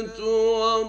والروم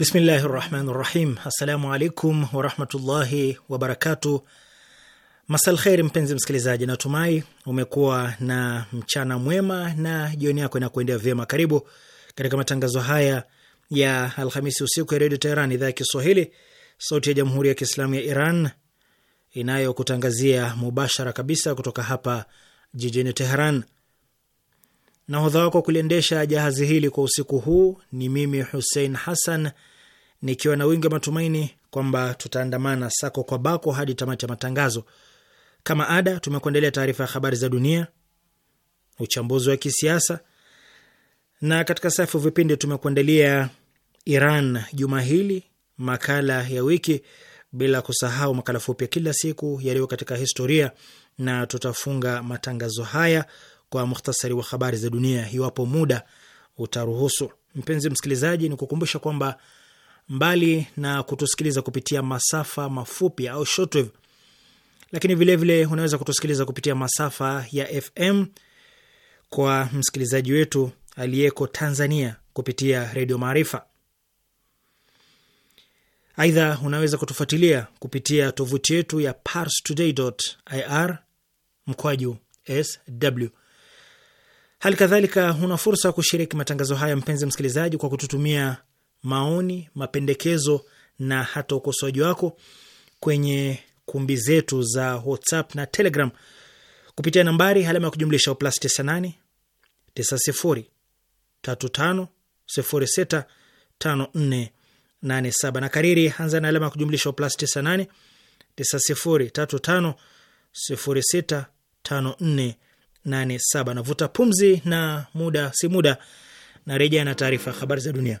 Bismillahi rahmani rahim. Assalamu alaikum warahmatullahi wabarakatu. Masal kheri, mpenzi msikilizaji, natumai umekuwa na mchana mwema na jioni yako inakuendea vyema. Karibu katika matangazo haya ya Alhamisi usiku ya redio Teheran, idhaa ya Kiswahili, sauti ya jamhuri ya kiislamu ya Iran inayokutangazia mubashara kabisa kutoka hapa jijini Teheran. Nahodha wako kuliendesha jahazi hili kwa usiku huu ni mimi Husein Hassan nikiwa na wingi wa matumaini kwamba tutaandamana sako kwa bako hadi tamati ya matangazo. Kama ada, tumekuandalia taarifa ya habari za dunia, uchambuzi wa kisiasa, na katika safu vipindi tumekuandalia Iran juma hili, makala ya wiki, bila kusahau makala fupi ya kila siku, yaliyo katika historia, na tutafunga matangazo haya kwa muhtasari wa habari za dunia, iwapo muda utaruhusu. Mpenzi msikilizaji, ni kukumbusha kwamba mbali na kutusikiliza kupitia masafa mafupi au shortwave, lakini vilevile vile unaweza kutusikiliza kupitia masafa ya FM kwa msikilizaji wetu aliyeko Tanzania kupitia Redio Maarifa. Aidha, unaweza kutufuatilia kupitia tovuti yetu ya parstoday.ir mkwaju sw. Hali kadhalika una fursa ya kushiriki matangazo haya, mpenzi msikilizaji, kwa kututumia maoni, mapendekezo na hata ukosoaji wako kwenye kumbi zetu za WhatsApp na Telegram kupitia nambari alama ya kujumlisha plus 98 90 35 06 54 87. Na kariri anza na alama ya kujumlisha plus 98 90 35 06 54 87. Navuta pumzi na muda si muda na rejea na taarifa habari za dunia.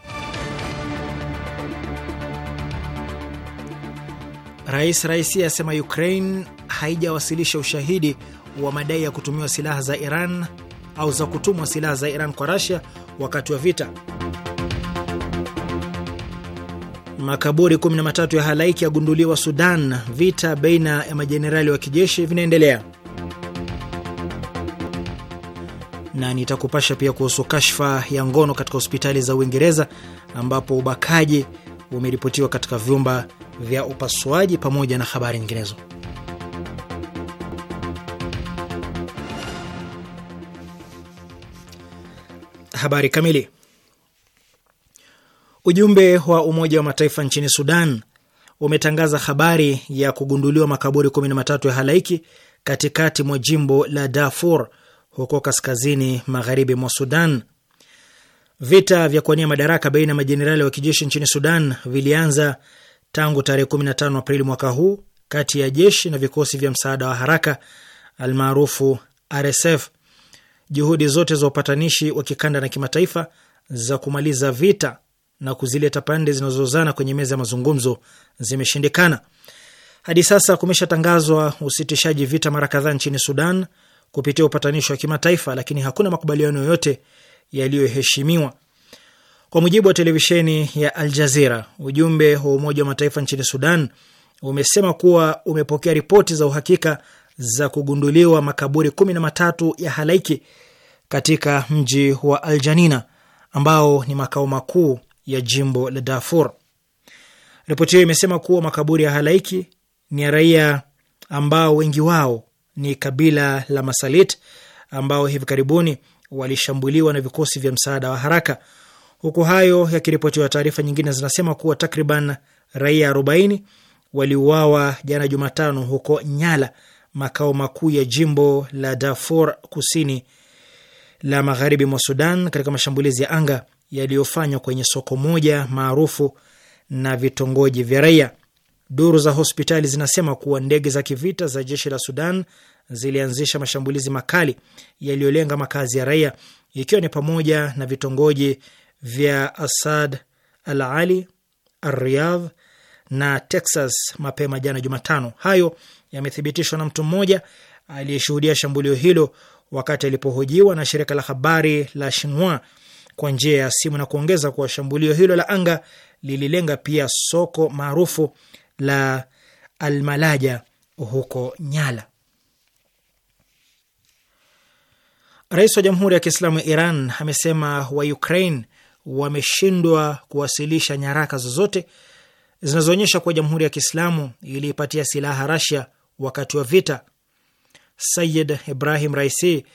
Rais Raisi asema Ukraine haijawasilisha ushahidi wa madai ya kutumiwa silaha za Iran au za kutumwa silaha za Iran kwa Russia wakati wa vita. Makaburi 13 ya halaiki yagunduliwa Sudan. Vita baina ya majenerali wa kijeshi vinaendelea, na nitakupasha pia kuhusu kashfa ya ngono katika hospitali za Uingereza ambapo ubakaji umeripotiwa katika vyumba vya upasuaji pamoja na habari nyinginezo. Habari kamili. Ujumbe wa Umoja wa Mataifa nchini Sudan umetangaza habari ya kugunduliwa makaburi 13 ya halaiki katikati mwa jimbo la Darfur huko kaskazini magharibi mwa Sudan Vita vya kuwania madaraka baina ya majenerali wa kijeshi nchini Sudan vilianza tangu tarehe 15 Aprili mwaka huu kati ya jeshi na vikosi vya msaada wa haraka almaarufu RSF. Juhudi zote za upatanishi wa kikanda na kimataifa za kumaliza vita na kuzileta pande zinazozozana kwenye meza ya mazungumzo zimeshindikana. Hadi sasa kumeshatangazwa usitishaji vita mara kadhaa nchini Sudan kupitia upatanishi wa kimataifa, lakini hakuna makubaliano yoyote yaliyoheshimiwa. Kwa mujibu wa televisheni ya Al ujumbe wa Umoja wa Mataifa nchini Sudan umesema kuwa umepokea ripoti za uhakika za kugunduliwa makaburi kumi na matatu ya halaiki katika mji wa Al Janina ambao ni makao makuu ya jimbo la Darfur. Ripoti hiyo imesema kuwa makaburi ya halaiki ni ya raia ambao wengi wao ni kabila la Masalit ambao hivi karibuni walishambuliwa na vikosi vya msaada wa haraka. Huku hayo yakiripotiwa, taarifa nyingine zinasema kuwa takriban raia 40 waliuawa jana Jumatano huko Nyala, makao makuu ya jimbo la Darfur kusini la magharibi mwa Sudan, katika mashambulizi ya anga yaliyofanywa kwenye soko moja maarufu na vitongoji vya raia. Duru za hospitali zinasema kuwa ndege za kivita za jeshi la Sudan zilianzisha mashambulizi makali yaliyolenga makazi ya raia ikiwa ni pamoja na vitongoji vya Asad Al Ali, Arriadh na Texas mapema jana Jumatano. Hayo yamethibitishwa na mtu mmoja aliyeshuhudia shambulio hilo wakati alipohojiwa na shirika la habari la Shinwa kwa njia ya simu na kuongeza kuwa shambulio hilo la anga lililenga pia soko maarufu la Almalaja huko Nyala. Rais wa Jamhuri ya Kiislamu ya Iran amesema wa Ukraine wameshindwa kuwasilisha nyaraka zozote zinazoonyesha kuwa Jamhuri ya Kiislamu iliipatia silaha Rasia wakati wa vita. Sayid Ibrahim Raisi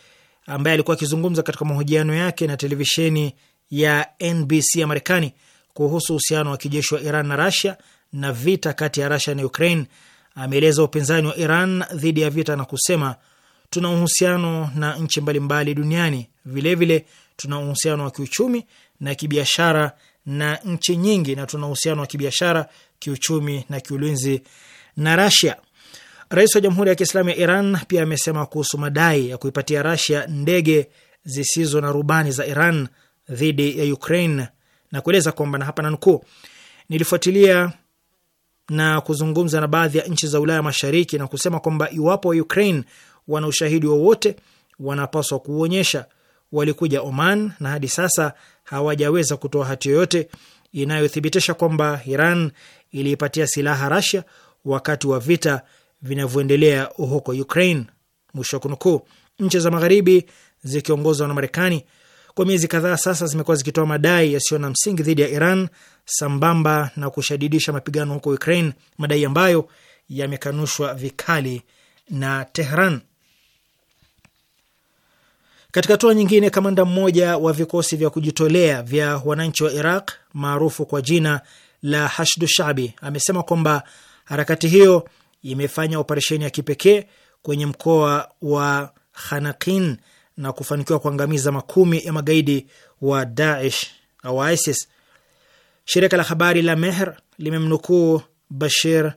ambaye alikuwa akizungumza katika mahojiano yake na televisheni ya NBC ya Marekani kuhusu uhusiano wa kijeshi wa Iran na Rasia na vita kati ya Rasia na Ukraine ameeleza upinzani wa Iran dhidi ya vita na kusema tuna uhusiano na nchi mbalimbali duniani. Vilevile vile, tuna uhusiano wa kiuchumi na kibiashara na nchi nyingi, na tuna uhusiano wa kibiashara, kiuchumi na kiulinzi na Rasia. Rais wa Jamhuri ya Kiislamu ya Iran pia amesema kuhusu madai ya kuipatia Rasia ndege zisizo na rubani za Iran dhidi ya Ukraine na kueleza kwamba, na hapa nanukuu, nilifuatilia na kuzungumza na baadhi ya nchi za Ulaya Mashariki na kusema kwamba iwapo Ukraine wana ushahidi wowote wa wanapaswa kuuonyesha. Walikuja Oman na hadi sasa hawajaweza kutoa hati yoyote inayothibitisha kwamba Iran iliipatia silaha Rasia wakati wa vita vinavyoendelea huko Ukraine. Mwisho wa kunukuu. Nchi za magharibi zikiongozwa na Marekani kwa miezi kadhaa sasa zimekuwa zikitoa madai yasiyo na msingi dhidi ya Iran sambamba na kushadidisha mapigano huko Ukraine, madai ambayo yamekanushwa vikali na Tehran. Katika hatua nyingine, kamanda mmoja wa vikosi vya kujitolea vya wananchi wa Iraq maarufu kwa jina la Hashdu Shabi amesema kwamba harakati hiyo imefanya operesheni ya kipekee kwenye mkoa wa hanakin na kufanikiwa kuangamiza makumi ya magaidi wa Daesh au ISIS. Shirika la habari la Mehr limemnukuu Bashir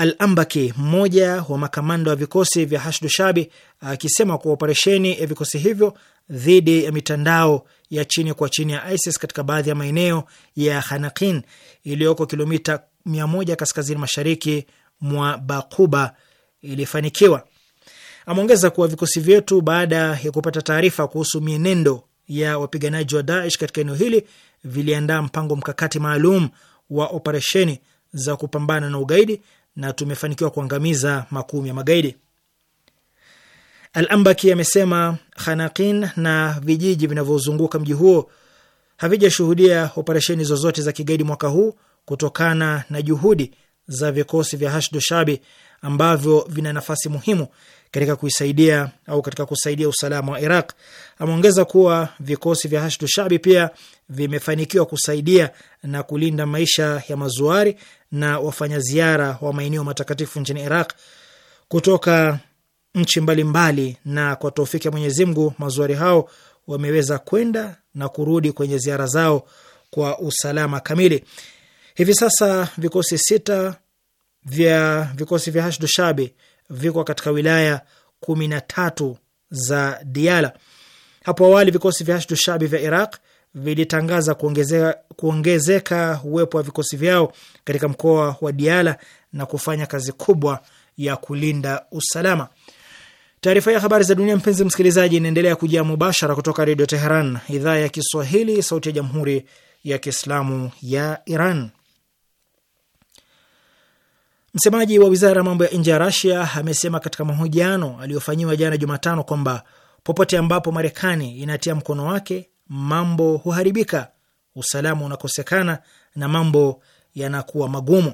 Al Ambaki, mmoja wa makamanda wa vikosi vya Hashdu Shabi, akisema kuwa operesheni ya vikosi hivyo dhidi ya mitandao ya chini kwa chini ya ISIS katika baadhi ya maeneo ya Hanakin iliyoko kilomita 1 kaskazini mashariki mwa Bakuba ilifanikiwa. Ameongeza kuwa vikosi vyetu, baada ya kupata taarifa kuhusu mienendo ya wapiganaji wa Daesh katika eneo hili, viliandaa mpango mkakati maalum wa operesheni za kupambana na ugaidi na tumefanikiwa kuangamiza makumi ya magaidi. Al-Ambaki amesema Khanaqin na vijiji vinavyozunguka mji huo havijashuhudia operesheni zozote za kigaidi mwaka huu kutokana na juhudi za vikosi vya Hashdu Shabi ambavyo vina nafasi muhimu katika kuisaidia au katika kusaidia usalama wa Iraq. Ameongeza kuwa vikosi vya Hashdu Shabi pia vimefanikiwa kusaidia na kulinda maisha ya mazuari na wafanya ziara wa maeneo matakatifu nchini Iraq kutoka nchi mbalimbali, na kwa taufiki ya Mwenyezi Mungu mazuari hao wameweza kwenda na kurudi kwenye ziara zao kwa usalama kamili. Hivi sasa vikosi sita vya vikosi vya Hashdu Shabi viko katika wilaya kumi na tatu za Diala. Hapo awali vikosi vya Hashdu Shabi vya Iraq vilitangaza kuongezeka, kuongezeka uwepo wa vikosi vyao katika mkoa wa Diala na kufanya kazi kubwa ya kulinda usalama. Taarifa ya habari za dunia, mpenzi msikilizaji, inaendelea kujia mubashara kutoka Redio Teheran, idhaa ya Kiswahili, sauti ya Jamhuri ya Kiislamu ya Iran. Msemaji wa wizara ya mambo ya nje ya Rasia amesema katika mahojiano aliyofanyiwa jana Jumatano kwamba popote ambapo Marekani inatia mkono wake mambo huharibika, usalama unakosekana na mambo yanakuwa magumu.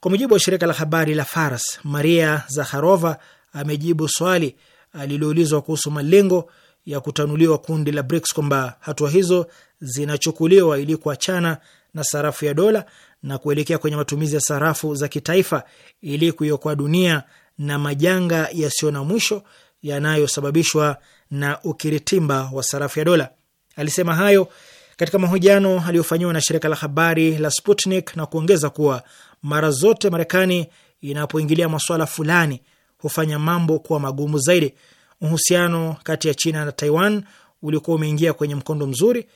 Kwa mujibu wa shirika la habari la Fars, Maria Zakharova amejibu swali aliloulizwa kuhusu malengo ya kutanuliwa kundi la BRICS kwamba hatua hizo zinachukuliwa ili kuachana na sarafu ya dola na kuelekea kwenye matumizi ya sarafu za kitaifa ili kuiokoa dunia na majanga yasiyo na mwisho yanayosababishwa na ukiritimba wa sarafu ya dola. Alisema hayo katika mahojiano aliyofanyiwa na shirika la habari la Sputnik na kuongeza kuwa mara zote Marekani inapoingilia masuala fulani hufanya mambo kuwa magumu zaidi. Uhusiano kati ya China na Taiwan ulikuwa umeingia kwenye mkondo mzuri.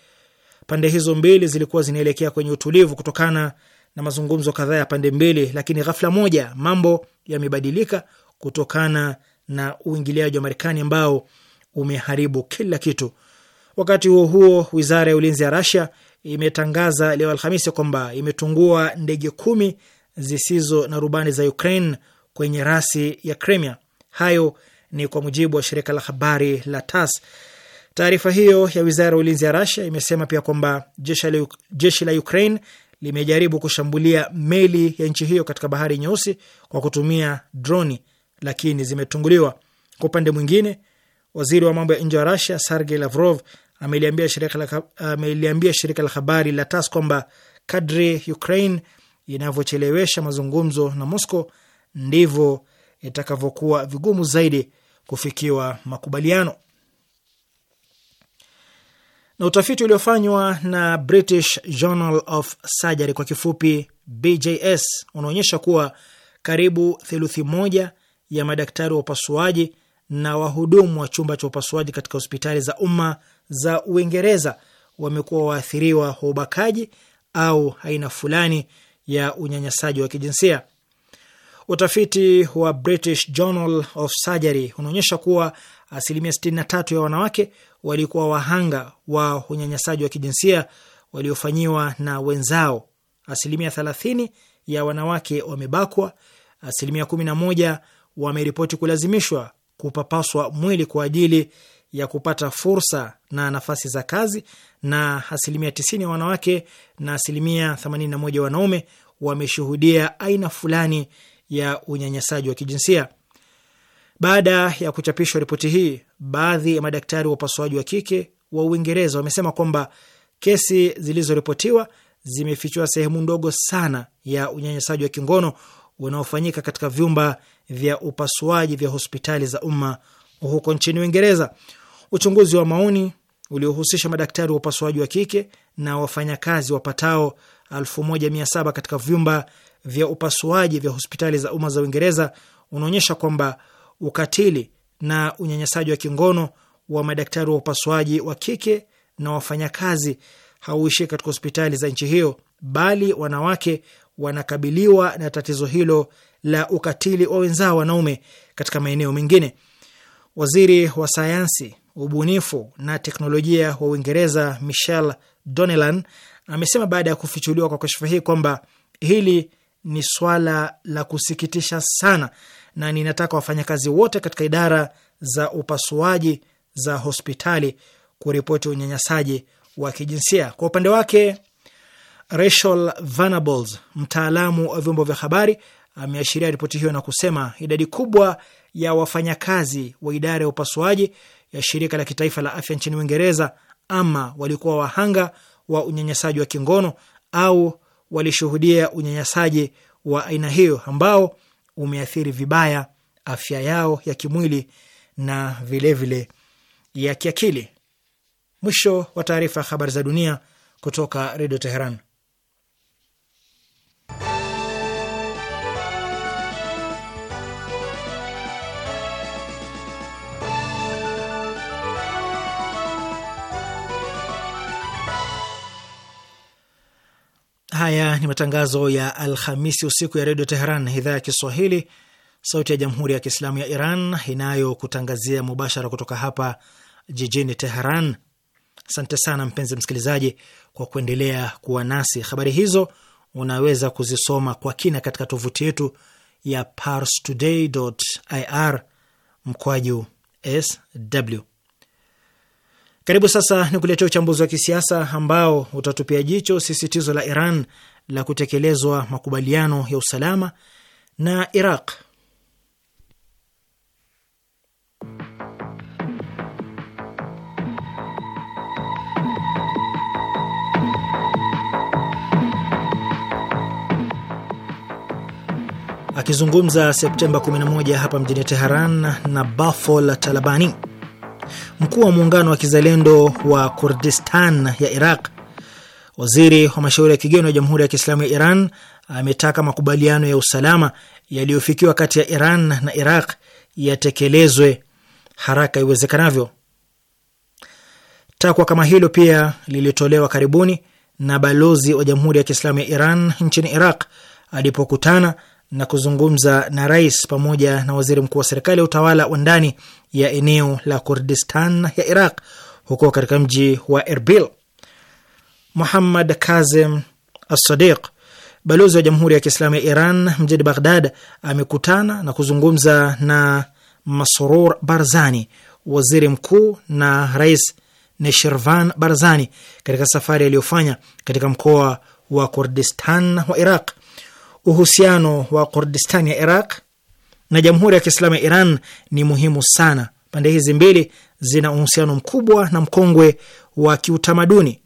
Pande hizo mbili zilikuwa zinaelekea kwenye utulivu kutokana na mazungumzo kadhaa ya pande mbili, lakini ghafla moja mambo yamebadilika kutokana na uingiliaji wa Marekani ambao umeharibu kila kitu. Wakati huo huo, wizara ya ulinzi ya Rasia imetangaza leo Alhamisi kwamba imetungua ndege kumi zisizo na rubani za Ukraine kwenye rasi ya Crimea. Hayo ni kwa mujibu wa shirika la habari la TAS. Taarifa hiyo ya wizara ya ulinzi ya Rasia imesema pia kwamba jeshi la Ukraine limejaribu kushambulia meli ya nchi hiyo katika bahari nyeusi kwa kutumia droni, lakini zimetunguliwa. Kwa upande mwingine, Waziri wa mambo ya nje wa Rasia Sergey Lavrov ameliambia shirika la, ameliambia shirika la habari la tas kwamba kadri Ukraine inavyochelewesha mazungumzo na Moscow ndivyo itakavyokuwa vigumu zaidi kufikiwa makubaliano. Na utafiti uliofanywa na British Journal of Surgery kwa kifupi BJS unaonyesha kuwa karibu theluthi moja ya madaktari wa upasuaji na wahudumu wa chumba cha upasuaji katika hospitali za umma za Uingereza wamekuwa waathiriwa wa ubakaji au aina fulani ya unyanyasaji wa kijinsia. Utafiti wa British Journal of Surgery unaonyesha kuwa asilimia 63 ya wanawake walikuwa wahanga wa unyanyasaji wa kijinsia waliofanyiwa na wenzao, asilimia 30 ya wanawake wamebakwa, asilimia 11 wameripoti kulazimishwa kupapaswa mwili kwa ajili ya kupata fursa na nafasi za kazi, na asilimia tisini ya wanawake na asilimia na moja wanaume wameshuhudia aina fulani ya unyanyasaji wa kijinsia. Baada ya kuchapishwa ripoti hii, baadhi ya madaktari wa upasuaji wa kike wa Uingereza wamesema kwamba kesi zilizoripotiwa zimefichua sehemu ndogo sana ya unyanyasaji wa kingono unaofanyika katika vyumba vya upasuaji vya hospitali za umma huko nchini Uingereza. Uchunguzi wa maoni uliohusisha madaktari wa upasuaji wa kike na wafanyakazi wapatao 1700 katika vyumba vya upasuaji vya hospitali za umma za Uingereza unaonyesha kwamba ukatili na unyanyasaji wa kingono wa madaktari wa upasuaji wa kike na wafanyakazi hauishii katika hospitali za nchi hiyo, bali wanawake wanakabiliwa na tatizo hilo la ukatili wa wenzao wanaume katika maeneo mengine. Waziri wa sayansi, ubunifu na teknolojia wa Uingereza Michel donelan amesema baada ya kufichuliwa kwa kashfa hii kwamba hili ni swala la kusikitisha sana, na ninataka wafanyakazi wote katika idara za upasuaji za hospitali kuripoti unyanyasaji wa kijinsia. Kwa upande wake Rachel Venables, mtaalamu wa vyombo vya habari, ameashiria ripoti hiyo na kusema idadi kubwa ya wafanyakazi wa idara ya upasuaji ya shirika la kitaifa la afya nchini Uingereza ama walikuwa wahanga wa unyanyasaji wa kingono au walishuhudia unyanyasaji wa aina hiyo ambao umeathiri vibaya afya yao ya kimwili na vilevile vile ya kiakili. Mwisho wa taarifa ya habari za dunia kutoka Redio Teheran. Haya ni matangazo ya Alhamisi usiku ya Redio Teheran, idhaa ya Kiswahili, sauti ya Jamhuri ya Kiislamu ya Iran, inayokutangazia mubashara kutoka hapa jijini Teheran. Asante sana mpenzi msikilizaji kwa kuendelea kuwa nasi. Habari hizo unaweza kuzisoma kwa kina katika tovuti yetu ya parstoday.ir mkwaju sw karibu sasa ni kuletea uchambuzi wa kisiasa ambao utatupia jicho sisitizo la Iran la kutekelezwa makubaliano ya usalama na Iraq. Akizungumza Septemba 11 hapa mjini Teheran na Bafol Talabani mkuu wa muungano wa kizalendo wa Kurdistan ya Iraq. Waziri wa mashauri ya kigeni wa Jamhuri ya Kiislamu ya Iran ametaka makubaliano ya usalama yaliyofikiwa kati ya Iran na Iraq yatekelezwe haraka iwezekanavyo. Takwa kama hilo pia lilitolewa karibuni na balozi wa Jamhuri ya Kiislamu ya Iran nchini Iraq alipokutana na kuzungumza na rais pamoja na waziri mkuu wa serikali ya utawala wa ndani ya eneo la Kurdistan ya Iraq huko katika mji wa Erbil. Muhammad Kazem Assadiq, balozi wa Jamhuri ya Kiislamu ya Iran mjini Baghdad, amekutana na kuzungumza na Masrur Barzani, waziri mkuu na rais neshervan Barzani, katika safari aliyofanya katika mkoa wa Kurdistan wa Iraq. Uhusiano wa Kurdistan ya Iraq na Jamhuri ya Kiislamu ya Iran ni muhimu sana. Pande hizi mbili zina uhusiano mkubwa na mkongwe wa kiutamaduni.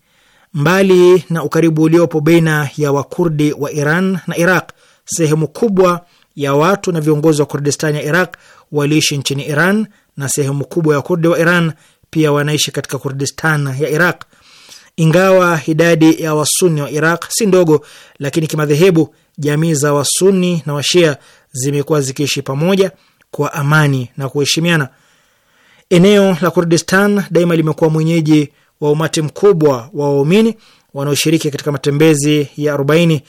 Mbali na ukaribu uliopo baina ya Wakurdi wa Iran na Iraq, sehemu kubwa ya watu na viongozi wa Kurdistan ya Iraq waliishi nchini Iran na sehemu kubwa ya Wakurdi wa Iran pia wanaishi katika Kurdistan ya Iraq. Ingawa idadi ya Wasuni wa Iraq si ndogo, lakini kimadhehebu jamii za Wasuni na Washia zimekuwa zikiishi pamoja kwa amani na kuheshimiana. Eneo la Kurdistan daima limekuwa mwenyeji wa umati mkubwa wa waumini wanaoshiriki katika matembezi ya 40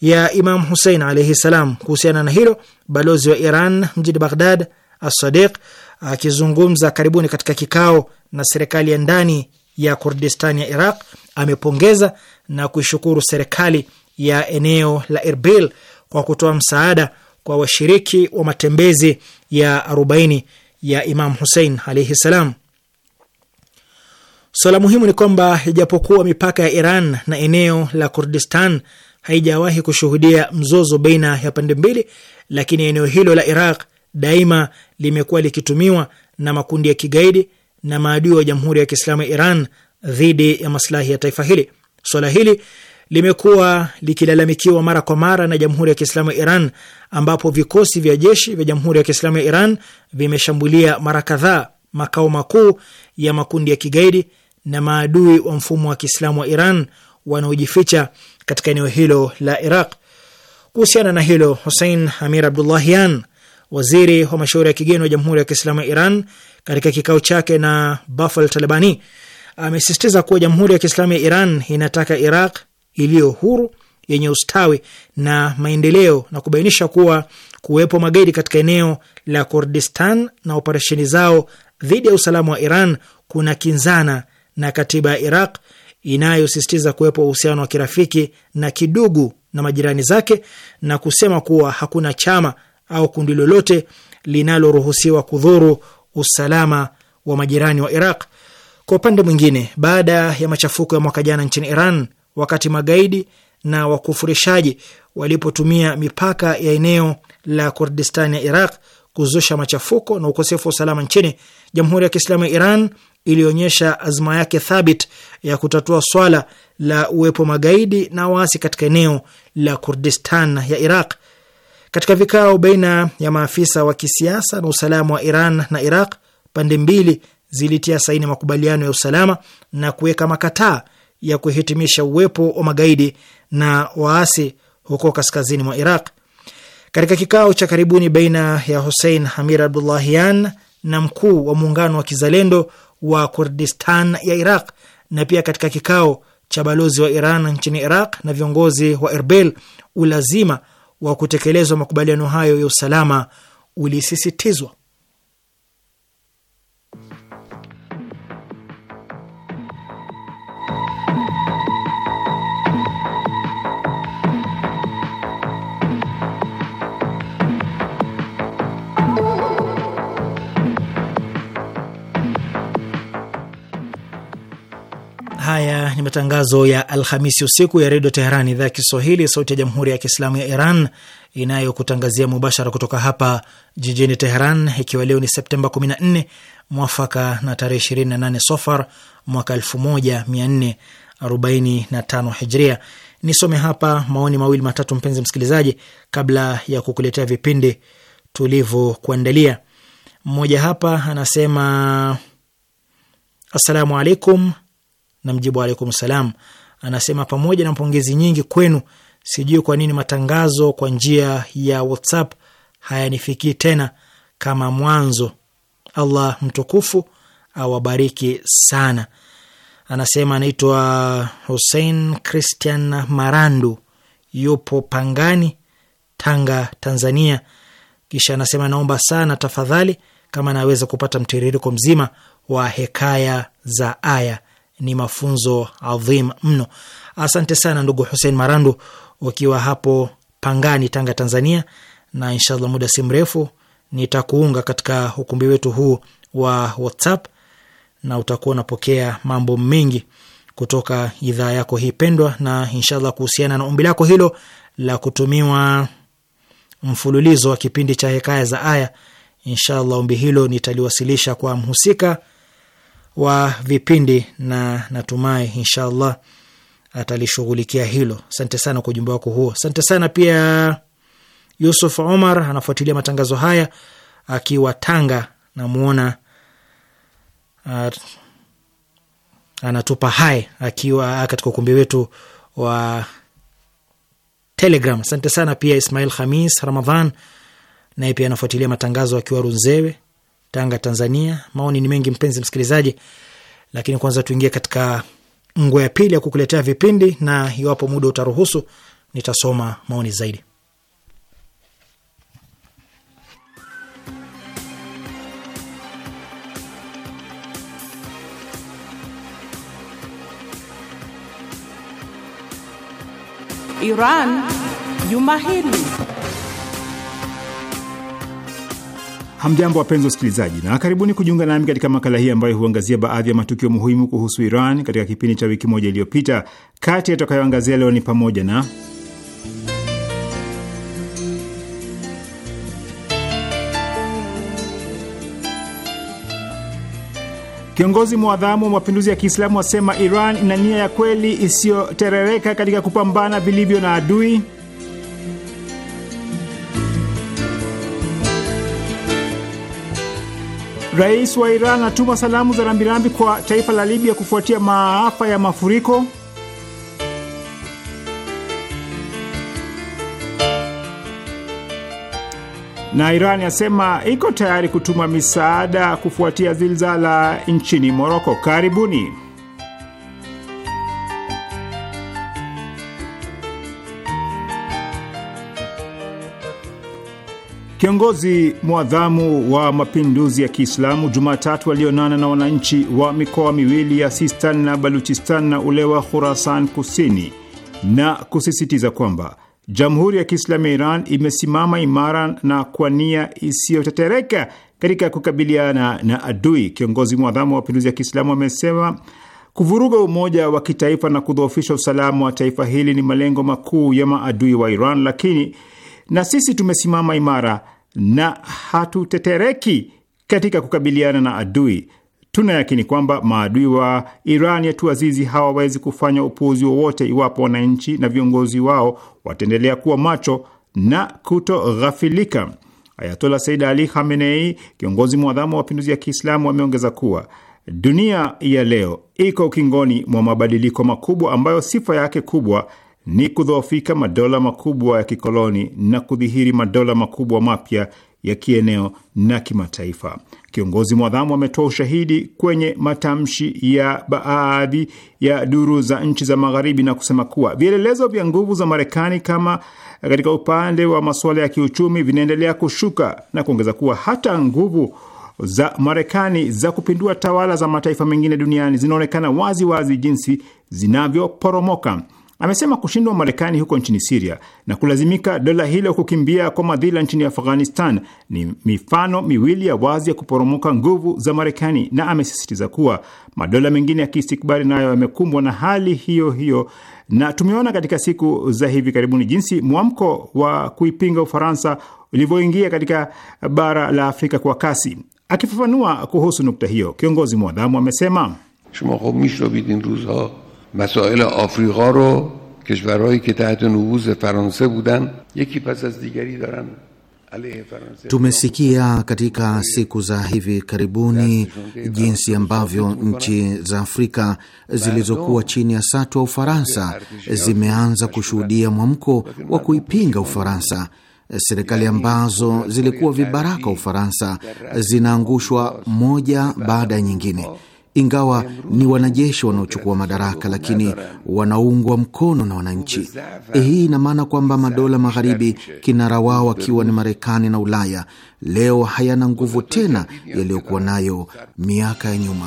ya Imam Husein alaihi salam. Kuhusiana na hilo, balozi wa Iran mjini Baghdad Assadiq akizungumza karibuni katika kikao na serikali ya ndani ya Kurdistan ya Iraq amepongeza na kuishukuru serikali ya eneo la Erbil kwa kutoa msaada kwa washiriki wa matembezi ya arobaini ya Imam Husein alaihi salam. Swala muhimu ni kwamba ijapokuwa mipaka ya Iran na eneo la Kurdistan haijawahi kushuhudia mzozo baina ya pande mbili, lakini eneo hilo la Iraq daima limekuwa likitumiwa na makundi ya kigaidi na maadui wa Jamhuri ya Kiislamu ya Iran dhidi ya maslahi ya taifa hili. Swala hili limekuwa likilalamikiwa mara kwa mara na Jamhuri ya Kiislamu ya Iran, ambapo vikosi vya jeshi vya Jamhuri ya Kiislamu ya Iran vimeshambulia mara kadhaa makao makuu ya makundi ya kigaidi na maadui wa mfumo wa Kiislamu wa Iran wanaojificha katika eneo hilo la Iraq. Kuhusiana na hilo, Hussein Amir Abdullahian, waziri wa mashauri ya kigeni wa Jamhuri ya Kiislamu ya Iran, katika kikao chake na Bafal Talabani amesisitiza kuwa Jamhuri ya Kiislamu ya Iran inataka Iraq iliyo huru yenye ustawi na maendeleo, na kubainisha kuwa kuwepo magaidi katika eneo la Kurdistan na operesheni zao dhidi ya usalama wa Iran kuna kinzana na katiba ya Iraq inayosisitiza kuwepo uhusiano wa kirafiki na kidugu na majirani zake, na kusema kuwa hakuna chama au kundi lolote linaloruhusiwa kudhuru usalama wa majirani wa Iraq. Kwa upande mwingine, baada ya machafuko ya mwaka jana nchini Iran, wakati magaidi na wakufurishaji walipotumia mipaka ya eneo la Kurdistan ya Iraq kuzusha machafuko na ukosefu wa usalama nchini, Jamhuri ya Kiislamu ya Iran ilionyesha azma yake thabit ya kutatua swala la uwepo magaidi na waasi katika eneo la Kurdistan ya Iraq. Katika vikao baina ya maafisa wa kisiasa na usalama wa Iran na Iraq, pande mbili zilitia saini makubaliano ya usalama na kuweka makataa ya kuhitimisha uwepo wa magaidi na waasi huko kaskazini mwa Iraq. Katika kikao cha karibuni baina ya Hussein Hamir Abdullahian na mkuu wa muungano wa kizalendo wa Kurdistan ya Iraq na pia katika kikao cha balozi wa Iran nchini Iraq na viongozi wa Erbil, ulazima wa kutekelezwa makubaliano hayo ya usalama ulisisitizwa. Haya ni matangazo ya Alhamisi usiku ya redio Teheran, idhaa ya Kiswahili, sauti ya jamhuri ya kiislamu ya Iran, inayokutangazia mubashara kutoka hapa jijini Teheran, ikiwa leo ni Septemba 14 mwafaka na tarehe 28 Sofar mwaka 1445 Hijria. Nisome hapa maoni mawili matatu, mpenzi msikilizaji, kabla ya kukuletea vipindi tulivyokuandalia. Mmoja hapa anasema assalamu alaikum na mjibu alaikum salam. Anasema pamoja na mpongezi nyingi kwenu, sijui kwa nini matangazo kwa njia ya WhatsApp hayanifikii tena kama mwanzo. Allah mtukufu awabariki sana. Anasema anaitwa Hussein Christian Marandu, yupo Pangani, Tanga, Tanzania. Kisha anasema naomba sana tafadhali, kama naweza kupata mtiririko mzima wa hekaya za aya ni mafunzo adhim mno. Asante sana ndugu Hussein Marandu, ukiwa hapo Pangani, Tanga, Tanzania, na inshallah muda si mrefu nitakuunga katika ukumbi wetu huu wa WhatsApp na utakuwa unapokea mambo mengi kutoka idhaa yako hii pendwa, na inshallah kuhusiana na ombi lako hilo la kutumiwa mfululizo wa kipindi cha Hekaya za Aya, inshallah ombi hilo nitaliwasilisha kwa mhusika wa vipindi, na natumai inshallah atalishughulikia hilo. Asante sana kwa ujumbe wako huo. Asante sana pia Yusuf Omar anafuatilia matangazo haya akiwa Tanga, namwona uh, anatupa hai akiwa katika ukumbi wetu wa Telegram. Asante sana pia Ismail Khamis Ramadhan, naye pia anafuatilia matangazo akiwa Runzewe Tanga, Tanzania. Maoni ni mengi mpenzi msikilizaji, lakini kwanza tuingie katika ngwe ya pili ya kukuletea vipindi, na iwapo muda utaruhusu nitasoma maoni zaidi. Iran juma hili Hamjambo, wapenzi wasikilizaji, na karibuni kujiunga nami katika makala hii ambayo huangazia baadhi ya matukio muhimu kuhusu Iran katika kipindi cha wiki moja iliyopita. Kati yatakayoangazia leo ni pamoja na Kiongozi mwadhamu wa mapinduzi ya Kiislamu wasema Iran ina nia ya kweli isiyoterereka katika kupambana vilivyo na adui. Rais wa Iran atuma salamu za rambirambi kwa taifa la Libya kufuatia maafa ya mafuriko. Na Iran yasema iko tayari kutuma misaada kufuatia zilzala nchini Moroko. Karibuni. Kiongozi mwadhamu wa mapinduzi ya Kiislamu Jumatatu alionana na wananchi wa mikoa miwili ya Sistan na Baluchistan na ule wa Khurasan Kusini na kusisitiza kwamba Jamhuri ya Kiislamu ya Iran imesimama imara na kwa nia isiyotetereka katika kukabiliana na adui. Kiongozi mwadhamu wa mapinduzi ya Kiislamu amesema kuvuruga umoja wa kitaifa na kudhoofisha usalama wa taifa hili ni malengo makuu ya maadui wa Iran, lakini na sisi tumesimama imara na hatutetereki katika kukabiliana na adui. Tuna yakini kwamba maadui wa Iran yetu azizi hawawezi kufanya upuuzi wowote iwapo wananchi na viongozi wao wataendelea kuwa macho na kutoghafilika. Ayatola Said Ali Khamenei, kiongozi mwadhamu wa mapinduzi ya Kiislamu, ameongeza kuwa dunia ya leo iko ukingoni mwa mabadiliko makubwa ambayo sifa yake kubwa ni kudhoofika madola makubwa ya kikoloni na kudhihiri madola makubwa mapya ya kieneo na kimataifa. Kiongozi mwadhamu ametoa ushahidi kwenye matamshi ya baadhi ya duru za nchi za Magharibi na kusema kuwa vielelezo vya nguvu za Marekani kama katika upande wa masuala ya kiuchumi vinaendelea kushuka na kuongeza kuwa hata nguvu za Marekani za kupindua tawala za mataifa mengine duniani zinaonekana wazi wazi jinsi zinavyoporomoka. Amesema kushindwa Marekani huko nchini Siria na kulazimika dola hilo kukimbia kwa madhila nchini Afghanistan ni mifano miwili ya wazi ya kuporomoka nguvu za Marekani, na amesisitiza kuwa madola mengine ya kiistikbari nayo yamekumbwa na hali hiyo hiyo, na tumeona katika siku za hivi karibuni jinsi mwamko wa kuipinga Ufaransa ulivyoingia katika bara la Afrika kwa kasi. Akifafanua kuhusu nukta hiyo, kiongozi mwadhamu amesema مسائل آفریقا رو کشورهایی که تحت نبوز فرانسه بودن یکی پس از دیگری دارن Tumesikia katika siku za hivi karibuni jinsi ambavyo nchi za Afrika zilizokuwa chini ya satwa ya Ufaransa zimeanza kushuhudia mwamko wa kuipinga Ufaransa. Serikali ambazo zilikuwa vibaraka Ufaransa zinaangushwa moja baada ya nyingine ingawa ni wanajeshi wanaochukua madaraka, lakini wanaungwa mkono na wananchi. Eh, hii ina maana kwamba madola magharibi, kinara wao akiwa ni Marekani na Ulaya, leo hayana nguvu tena yaliyokuwa nayo miaka ya nyuma.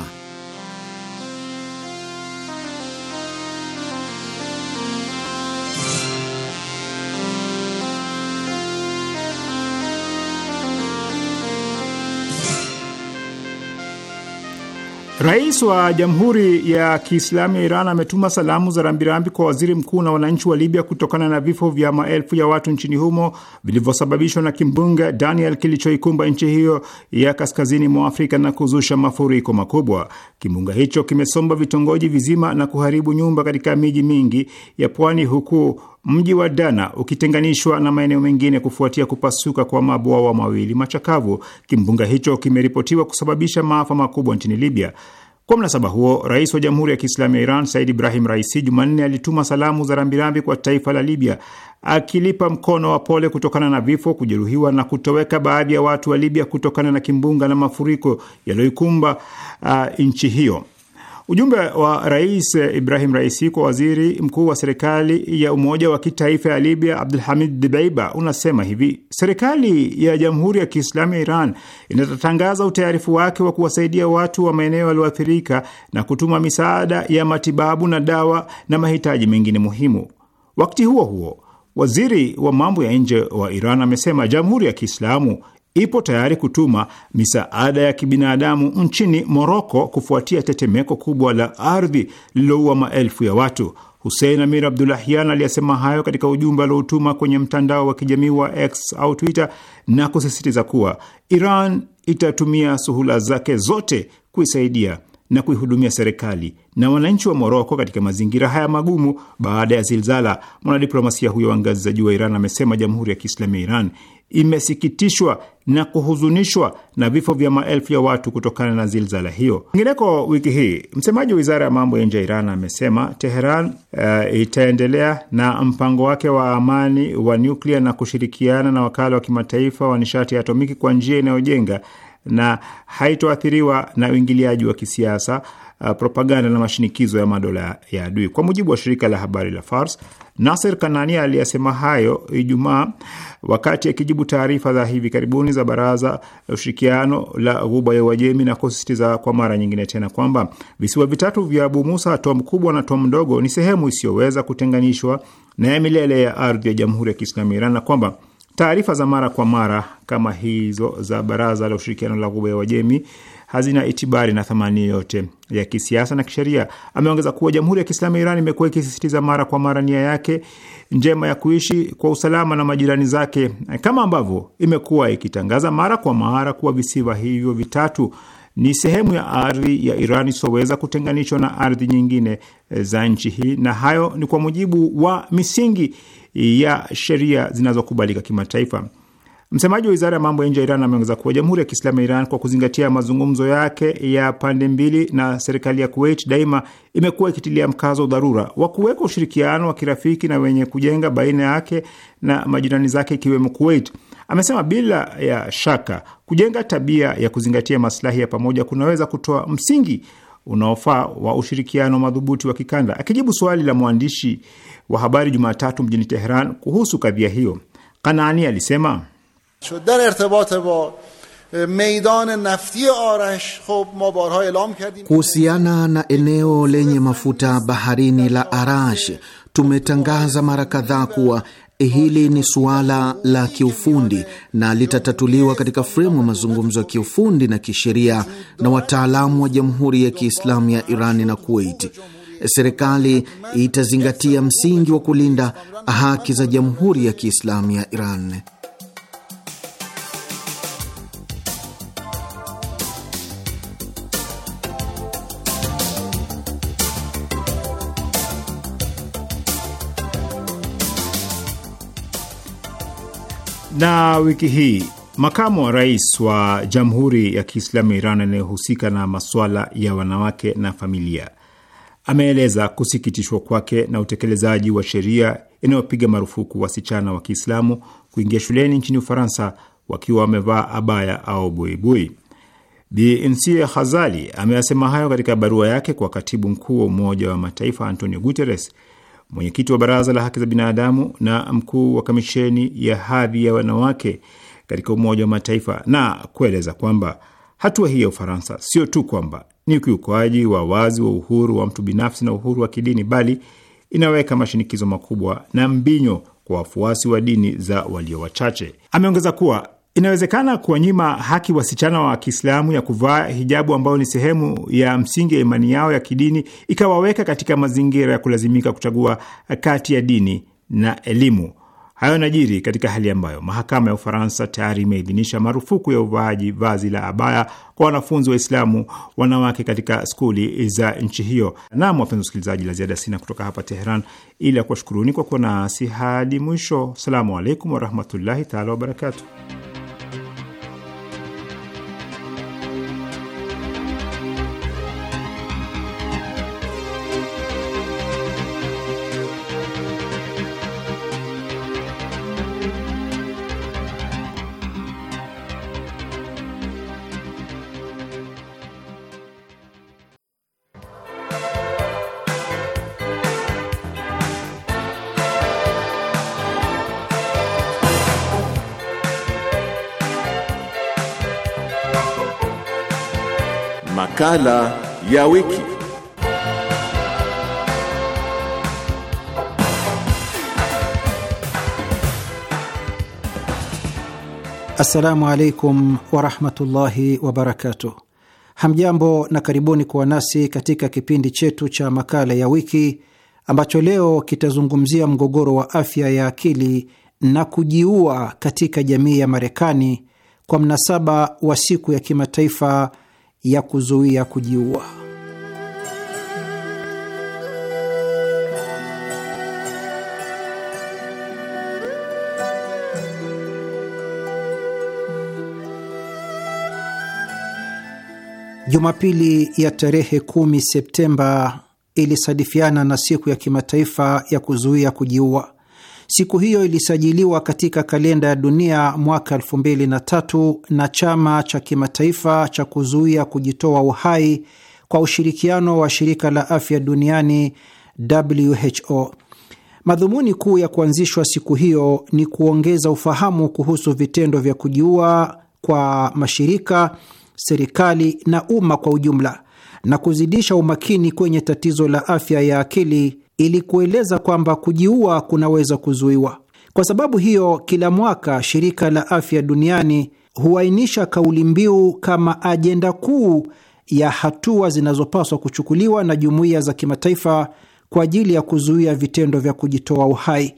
Rais wa Jamhuri ya Kiislamu ya Iran ametuma salamu za rambirambi kwa waziri mkuu na wananchi wa Libya kutokana na vifo vya maelfu ya watu nchini humo vilivyosababishwa na kimbunga Daniel kilichoikumba nchi hiyo ya kaskazini mwa Afrika na kuzusha mafuriko makubwa. Kimbunga hicho kimesomba vitongoji vizima na kuharibu nyumba katika miji mingi ya pwani, huku Mji wa Dana ukitenganishwa na maeneo mengine kufuatia kupasuka kwa mabwawa mawili machakavu. Kimbunga hicho kimeripotiwa kusababisha maafa makubwa nchini Libya. Kwa mnasaba huo, rais wa Jamhuri ya Kiislamu ya Iran Said Ibrahim Raisi Jumanne alituma salamu za rambirambi kwa taifa la Libya, akilipa mkono wa pole kutokana na vifo, kujeruhiwa na kutoweka baadhi ya watu wa Libya kutokana na kimbunga na mafuriko yaliyoikumba uh, nchi hiyo. Ujumbe wa Rais Ibrahim Raisi kwa waziri mkuu wa serikali ya umoja wa kitaifa ya Libya Abdulhamid Dibeiba unasema hivi: serikali ya Jamhuri ya Kiislamu ya Iran inatangaza utayarifu wake wa kuwasaidia watu wa maeneo yaliyoathirika na kutuma misaada ya matibabu na dawa na mahitaji mengine muhimu. Wakati huo huo, waziri wa mambo ya nje wa Iran amesema Jamhuri ya Kiislamu ipo tayari kutuma misaada ya kibinadamu nchini Moroko kufuatia tetemeko kubwa la ardhi lililoua maelfu ya watu. Husein Amir Abdulahian aliyesema hayo katika ujumbe aliotuma kwenye mtandao wa kijamii wa X au Twitter na kusisitiza kuwa Iran itatumia suhula zake zote kuisaidia na kuihudumia serikali na wananchi wa Moroko katika mazingira haya magumu baada ya zilzala. Mwanadiplomasia huyo wa ngazi za juu wa Iran amesema jamhuri ya Kiislamu ya Iran imesikitishwa na kuhuzunishwa na vifo vya maelfu ya watu kutokana na zilzala hiyo. Ingineko, wiki hii msemaji wa wizara ya mambo ya nje ya Iran amesema Teheran uh, eh, itaendelea na mpango wake wa amani wa nyuklia na kushirikiana na wakala wa kimataifa wa nishati ya atomiki kwa njia inayojenga na haitoathiriwa na uingiliaji wa kisiasa uh, propaganda na mashinikizo ya madola ya adui. Kwa mujibu wa shirika la habari la Fars, Nasser Kanani aliyasema hayo Ijumaa wakati akijibu taarifa za hivi karibuni za Baraza la Ushirikiano la Ghuba ya Uajemi na kusisitiza kwa mara nyingine tena kwamba visiwa vitatu vya Abu Musa, Tom kubwa na Tom ndogo ni sehemu isiyoweza kutenganishwa na ya milele ya ardhi ya Jamhuri ya Kiislamu Iran na kwamba taarifa za mara kwa mara kama hizo za Baraza la Ushirikiano la Ghuba ya Uajemi hazina itibari na thamani yoyote ya kisiasa na kisheria. Ameongeza kuwa Jamhuri ya Kiislamu ya Iran imekuwa ikisisitiza mara kwa mara nia yake njema ya kuishi kwa usalama na majirani zake, kama ambavyo imekuwa ikitangaza mara kwa mara kuwa visiwa hivyo vitatu ni sehemu ya ardhi ya Iran isiyoweza kutenganishwa na ardhi nyingine za nchi hii, na hayo ni kwa mujibu wa misingi ya sheria zinazokubalika kimataifa. Msemaji wa wizara ya mambo ya nje ya Iran ameongeza kuwa jamhuri ya Kiislamu ya Iran, kwa kuzingatia mazungumzo yake ya pande mbili na serikali ya Kuwait, daima imekuwa ikitilia mkazo dharura wa kuweka ushirikiano wa kirafiki na wenye kujenga baina yake na majirani zake ikiwemo Kuwait. Amesema bila ya shaka kujenga tabia ya kuzingatia maslahi ya pamoja kunaweza kutoa msingi unaofaa wa ushirikiano madhubuti wa kikanda. Akijibu swali la mwandishi wa habari Jumatatu mjini Teheran kuhusu kadhia hiyo, Kanaani alisema شد در ارتباط با میدان نفتی آرش خب ما بارها اعلام کردیم kuhusiana na eneo lenye mafuta baharini la Arash tumetangaza mara kadhaa kuwa eh, hili ni suala la kiufundi na litatatuliwa katika fremu ya mazungumzo ya kiufundi na kisheria na wataalamu wa Jamhuri ya Kiislamu ya Irani na Kuwait. Serikali itazingatia msingi wa kulinda haki za Jamhuri ya Kiislamu ya Iran. Na wiki hii makamu wa rais wa Jamhuri ya Kiislamu ya Iran anayehusika na masuala ya wanawake na familia ameeleza kusikitishwa kwake na utekelezaji wa sheria inayopiga marufuku wasichana wa Kiislamu kuingia shuleni nchini Ufaransa wakiwa wamevaa abaya au buibui. BNC hazali Khazali ameyasema hayo katika barua yake kwa katibu mkuu wa Umoja wa Mataifa Antonio Guterres mwenyekiti wa baraza la haki za binadamu na mkuu wa kamisheni ya hadhi ya wanawake katika Umoja wa Mataifa na kueleza kwamba hatua hii ya Ufaransa sio tu kwamba ni ukiukoaji wa wazi wa uhuru wa mtu binafsi na uhuru wa kidini, bali inaweka mashinikizo makubwa na mbinyo kwa wafuasi wa dini za walio wachache. Ameongeza kuwa Inawezekana kuwanyima haki wasichana wa Kiislamu ya kuvaa hijabu ambayo ni sehemu ya msingi ya imani yao ya kidini, ikawaweka katika mazingira ya kulazimika kuchagua kati ya dini na elimu. Hayo najiri katika hali ambayo mahakama ya Ufaransa tayari imeidhinisha marufuku ya uvaaji vazi la abaya kwa wanafunzi Waislamu wanawake katika skuli za nchi hiyo. Nam, wapenzi wasikilizaji, la ziada sina kutoka hapa Teheran, ila kuwashukuruni kwa kuwa nasi hadi mwisho. Salamu alaikum warahmatullahi taala wabarakatuh. Makala ya wiki. Assalamu alaikum warahmatullahi wabarakatuh. Hamjambo na karibuni kuwa nasi katika kipindi chetu cha makala ya wiki ambacho leo kitazungumzia mgogoro wa afya ya akili na kujiua katika jamii ya Marekani kwa mnasaba wa siku ya kimataifa ya kuzuia kujiua. Jumapili ya tarehe 1 Septemba ilisadifiana na siku ya kimataifa ya kuzuia kujiua. Siku hiyo ilisajiliwa katika kalenda ya dunia mwaka elfu mbili na tatu na chama cha kimataifa cha kuzuia kujitoa uhai kwa ushirikiano wa shirika la afya duniani WHO. Madhumuni kuu ya kuanzishwa siku hiyo ni kuongeza ufahamu kuhusu vitendo vya kujiua kwa mashirika, serikali na umma kwa ujumla na kuzidisha umakini kwenye tatizo la afya ya akili ili kueleza kwamba kujiua kunaweza kuzuiwa. Kwa sababu hiyo, kila mwaka shirika la afya duniani huainisha kauli mbiu kama ajenda kuu ya hatua zinazopaswa kuchukuliwa na jumuiya za kimataifa kwa ajili ya kuzuia vitendo vya kujitoa uhai.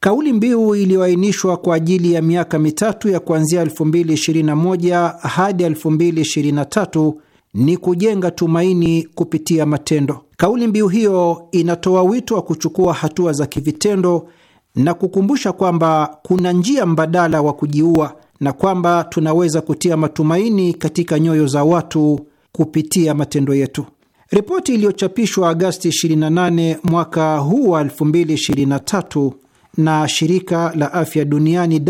Kauli mbiu iliyoainishwa kwa ajili ya miaka mitatu ya kuanzia 2021 hadi ni kujenga tumaini kupitia matendo. Kauli mbiu hiyo inatoa wito wa kuchukua hatua za kivitendo na kukumbusha kwamba kuna njia mbadala wa kujiua na kwamba tunaweza kutia matumaini katika nyoyo za watu kupitia matendo yetu. Ripoti iliyochapishwa Agasti 28 mwaka huu wa 2023 na shirika la afya duniani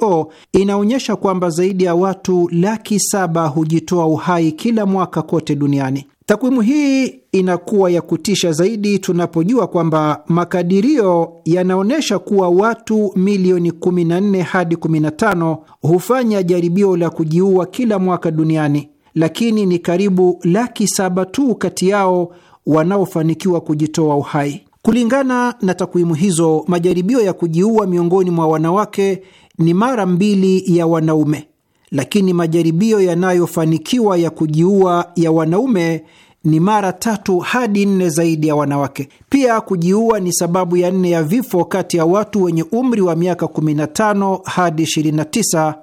WHO inaonyesha kwamba zaidi ya watu laki saba hujitoa uhai kila mwaka kote duniani. Takwimu hii inakuwa ya kutisha zaidi tunapojua kwamba makadirio yanaonyesha kuwa watu milioni 14 hadi 15 hufanya jaribio la kujiua kila mwaka duniani, lakini ni karibu laki saba tu kati yao wanaofanikiwa kujitoa uhai. Kulingana na takwimu hizo, majaribio ya kujiua miongoni mwa wanawake ni mara mbili ya wanaume, lakini majaribio yanayofanikiwa ya kujiua ya wanaume ni mara tatu hadi nne zaidi ya wanawake. Pia kujiua ni sababu ya nne ya vifo kati ya watu wenye umri wa miaka 15 hadi 29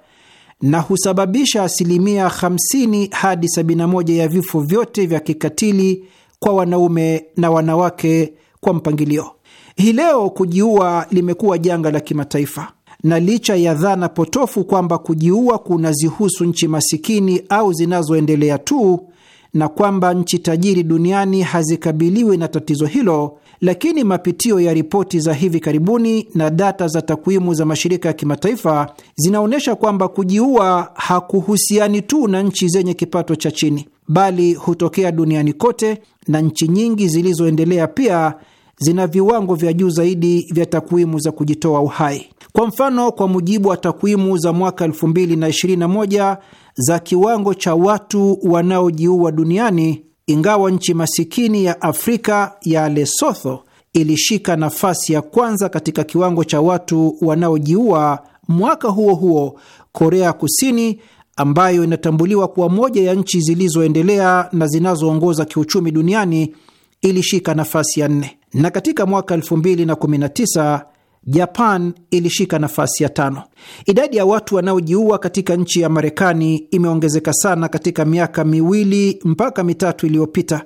na husababisha asilimia 50 hadi 71 ya vifo vyote vya kikatili kwa wanaume na wanawake kwa mpangilio. Hii leo kujiua limekuwa janga la kimataifa, na licha ya dhana potofu kwamba kujiua kunazihusu nchi masikini au zinazoendelea tu na kwamba nchi tajiri duniani hazikabiliwi na tatizo hilo, lakini mapitio ya ripoti za hivi karibuni na data za takwimu za mashirika ya kimataifa zinaonyesha kwamba kujiua hakuhusiani tu na nchi zenye kipato cha chini, bali hutokea duniani kote, na nchi nyingi zilizoendelea pia zina viwango vya juu zaidi vya takwimu za kujitoa uhai. Kwa mfano, kwa mujibu wa takwimu za mwaka 2021 za kiwango cha watu wanaojiua duniani, ingawa nchi masikini ya Afrika ya Lesotho ilishika nafasi ya kwanza katika kiwango cha watu wanaojiua, mwaka huo huo Korea Kusini ambayo inatambuliwa kuwa moja ya nchi zilizoendelea na zinazoongoza kiuchumi duniani ilishika nafasi ya nne na katika mwaka 2019 Japan ilishika nafasi ya tano. Idadi ya watu wanaojiua katika nchi ya Marekani imeongezeka sana katika miaka miwili mpaka mitatu iliyopita,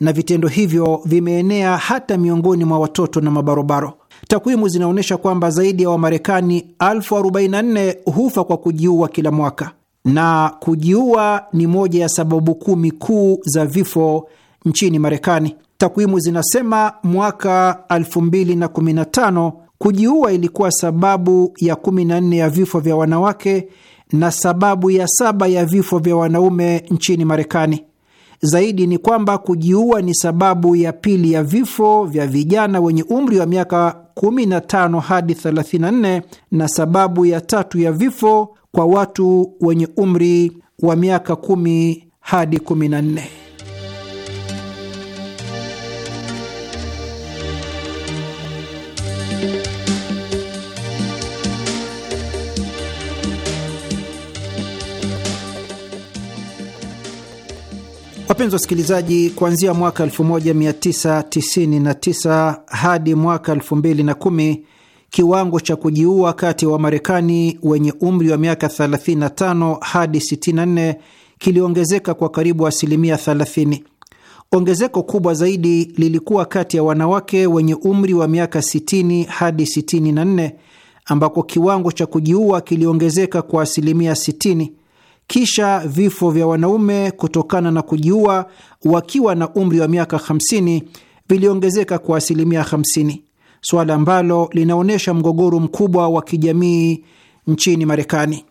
na vitendo hivyo vimeenea hata miongoni mwa watoto na mabarobaro. Takwimu zinaonyesha kwamba zaidi ya Wamarekani 44 hufa kwa kujiua kila mwaka, na kujiua ni moja ya sababu kumi kuu za vifo nchini Marekani. Takwimu zinasema mwaka 2015 kujiua ilikuwa sababu ya 14 ya vifo vya wanawake na sababu ya saba ya vifo vya wanaume nchini Marekani. Zaidi ni kwamba kujiua ni sababu ya pili ya vifo vya vijana wenye umri wa miaka 15 hadi 34 na sababu ya tatu ya vifo kwa watu wenye umri wa miaka 10 hadi 14. Wapenzi wasikilizaji, kuanzia mwaka 1999 hadi mwaka 2010 kiwango cha kujiua kati ya Wamarekani wenye umri wa miaka 35 hadi 64 kiliongezeka kwa karibu asilimia 30. Ongezeko kubwa zaidi lilikuwa kati ya wanawake wenye umri wa miaka 60 hadi 64 ambako kiwango cha kujiua kiliongezeka kwa asilimia 60 kisha vifo vya wanaume kutokana na kujiua wakiwa na umri wa miaka 50 viliongezeka kwa asilimia 50, suala ambalo linaonyesha mgogoro mkubwa wa kijamii nchini Marekani.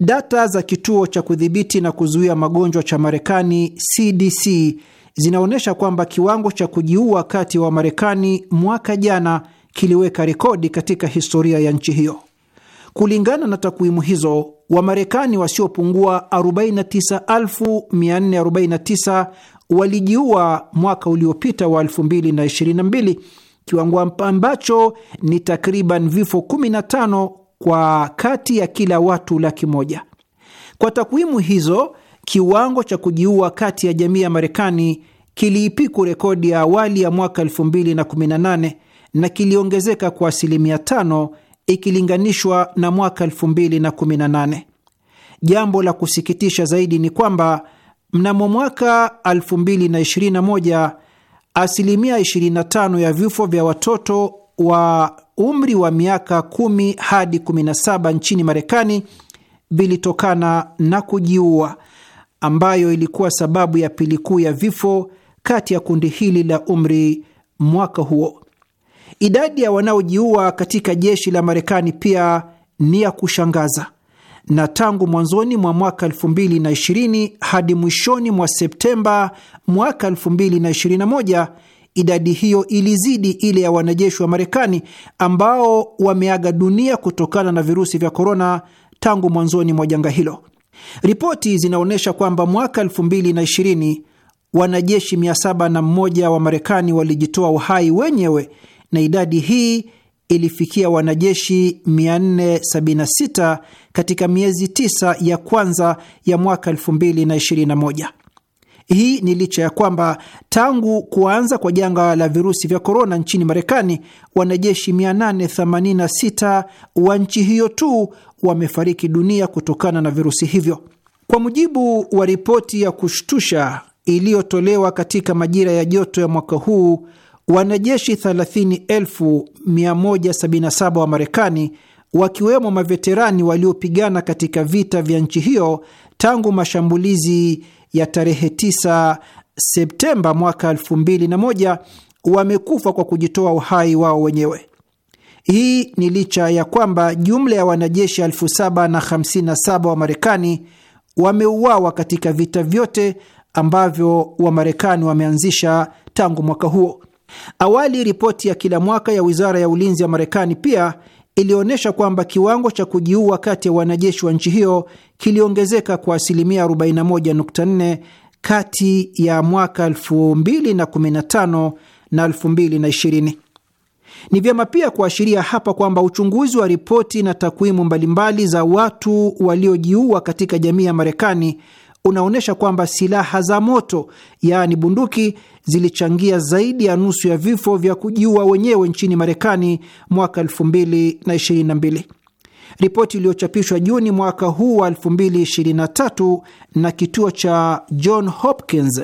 Data za kituo cha kudhibiti na kuzuia magonjwa cha Marekani CDC zinaonyesha kwamba kiwango cha kujiua kati wa Marekani mwaka jana kiliweka rekodi katika historia ya nchi hiyo. Kulingana na takwimu hizo, Wamarekani wasiopungua 49449 walijiua mwaka uliopita wa 2022, kiwango ambacho ni takriban vifo 15 kwa kati ya kila watu laki moja. Kwa takwimu hizo, kiwango cha kujiua kati ya jamii ya Marekani kiliipiku rekodi ya awali ya mwaka 2018 na kiliongezeka kwa asilimia 5 ikilinganishwa na mwaka 2018. Jambo la kusikitisha zaidi ni kwamba mnamo mwaka 2021 asilimia 25 ya vifo vya watoto wa umri wa miaka 10 hadi 17 nchini Marekani vilitokana na kujiua, ambayo ilikuwa sababu ya pili kuu ya vifo kati ya kundi hili la umri mwaka huo. Idadi ya wanaojiua katika jeshi la Marekani pia ni ya kushangaza, na tangu mwanzoni mwa mwaka 2020 hadi mwishoni mwa Septemba mwaka 2021 idadi hiyo ilizidi ile ya wanajeshi wa Marekani ambao wameaga dunia kutokana na virusi vya korona tangu mwanzoni mwa janga hilo. Ripoti zinaonyesha kwamba mwaka 2020 wanajeshi 701 wa Marekani walijitoa uhai wenyewe na idadi hii ilifikia wanajeshi 476 katika miezi tisa ya kwanza ya mwaka 2021. Hii ni licha ya kwamba tangu kuanza kwa janga la virusi vya korona nchini Marekani, wanajeshi 886 wa nchi hiyo tu wamefariki dunia kutokana na virusi hivyo, kwa mujibu wa ripoti ya kushtusha iliyotolewa katika majira ya joto ya mwaka huu wanajeshi 30,177 wa Marekani wakiwemo maveterani waliopigana katika vita vya nchi hiyo tangu mashambulizi ya tarehe 9 Septemba mwaka 2001 wamekufa kwa kujitoa uhai wao wenyewe. Hii ni licha ya kwamba jumla ya wanajeshi 757 wa Marekani wameuawa katika vita vyote ambavyo Wamarekani wameanzisha tangu mwaka huo. Awali ripoti ya kila mwaka ya wizara ya ulinzi ya Marekani pia ilionyesha kwamba kiwango cha kujiua kati ya wanajeshi wa nchi hiyo kiliongezeka kwa asilimia 41.4 kati ya mwaka 2015 na 2020. Ni vyema pia kuashiria hapa kwamba uchunguzi wa ripoti na takwimu mbalimbali za watu waliojiua katika jamii ya Marekani unaonyesha kwamba silaha za moto yaani bunduki zilichangia zaidi ya nusu ya vifo vya kujiua wenyewe nchini Marekani mwaka 2022. Ripoti iliyochapishwa Juni mwaka huu wa 2023 na kituo cha John Hopkins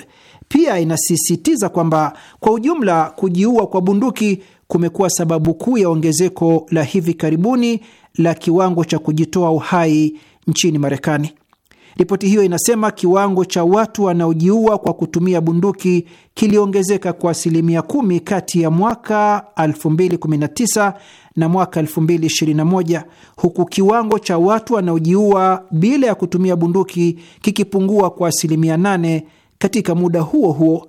pia inasisitiza kwamba kwa ujumla kujiua kwa bunduki kumekuwa sababu kuu ya ongezeko la hivi karibuni la kiwango cha kujitoa uhai nchini Marekani. Ripoti hiyo inasema kiwango cha watu wanaojiua kwa kutumia bunduki kiliongezeka kwa asilimia kumi kati ya mwaka 2019 na mwaka 2021 huku kiwango cha watu wanaojiua bila ya kutumia bunduki kikipungua kwa asilimia nane katika muda huo huo.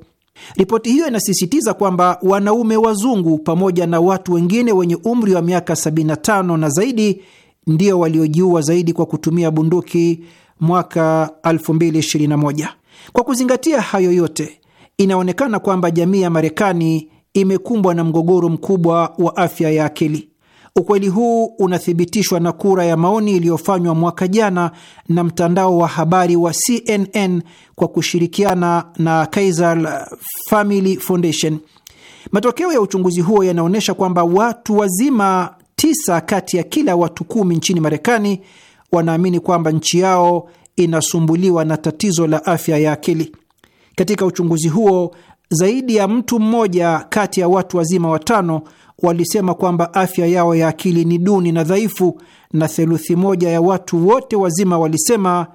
Ripoti hiyo inasisitiza kwamba wanaume wazungu pamoja na watu wengine wenye umri wa miaka 75 na zaidi ndio waliojiua zaidi kwa kutumia bunduki mwaka 2021. Kwa kuzingatia hayo yote, inaonekana kwamba jamii ya Marekani imekumbwa na mgogoro mkubwa wa afya ya akili. Ukweli huu unathibitishwa na kura ya maoni iliyofanywa mwaka jana na mtandao wa habari wa CNN kwa kushirikiana na Kaiser Family Foundation. Matokeo ya uchunguzi huo yanaonyesha kwamba watu wazima tisa kati ya kila watu kumi nchini Marekani wanaamini kwamba nchi yao inasumbuliwa na tatizo la afya ya akili. Katika uchunguzi huo, zaidi ya mtu mmoja kati ya watu wazima watano walisema kwamba afya yao ya akili ni duni na dhaifu, na theluthi moja ya watu wote wazima walisema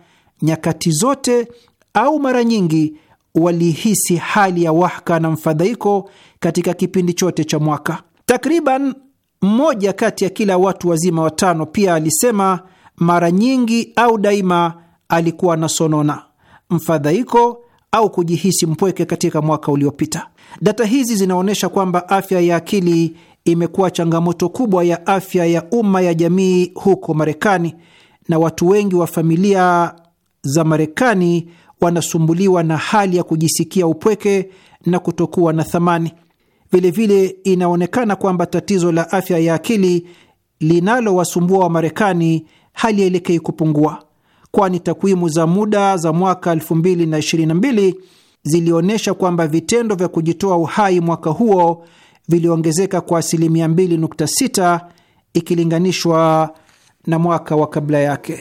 nyakati zote au mara nyingi walihisi hali ya wahaka na mfadhaiko katika kipindi chote cha mwaka. Takriban mmoja kati ya kila watu wazima watano pia alisema mara nyingi au daima alikuwa anasonona, mfadhaiko au kujihisi mpweke katika mwaka uliopita. Data hizi zinaonyesha kwamba afya ya akili imekuwa changamoto kubwa ya afya ya umma ya jamii huko Marekani, na watu wengi wa familia za Marekani wanasumbuliwa na hali ya kujisikia upweke na kutokuwa na thamani. Vilevile inaonekana kwamba tatizo la afya ya akili linalowasumbua wa marekani hali yaelekei kupungua, kwani takwimu za muda za mwaka 2022 zilionyesha kwamba vitendo vya kujitoa uhai mwaka huo viliongezeka kwa asilimia 2.6 ikilinganishwa na mwaka wa kabla yake.